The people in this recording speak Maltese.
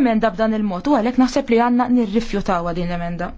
emenda b'dan il-mod u għalhekk naħseb li għandna nirrifjutaw din l-emenda.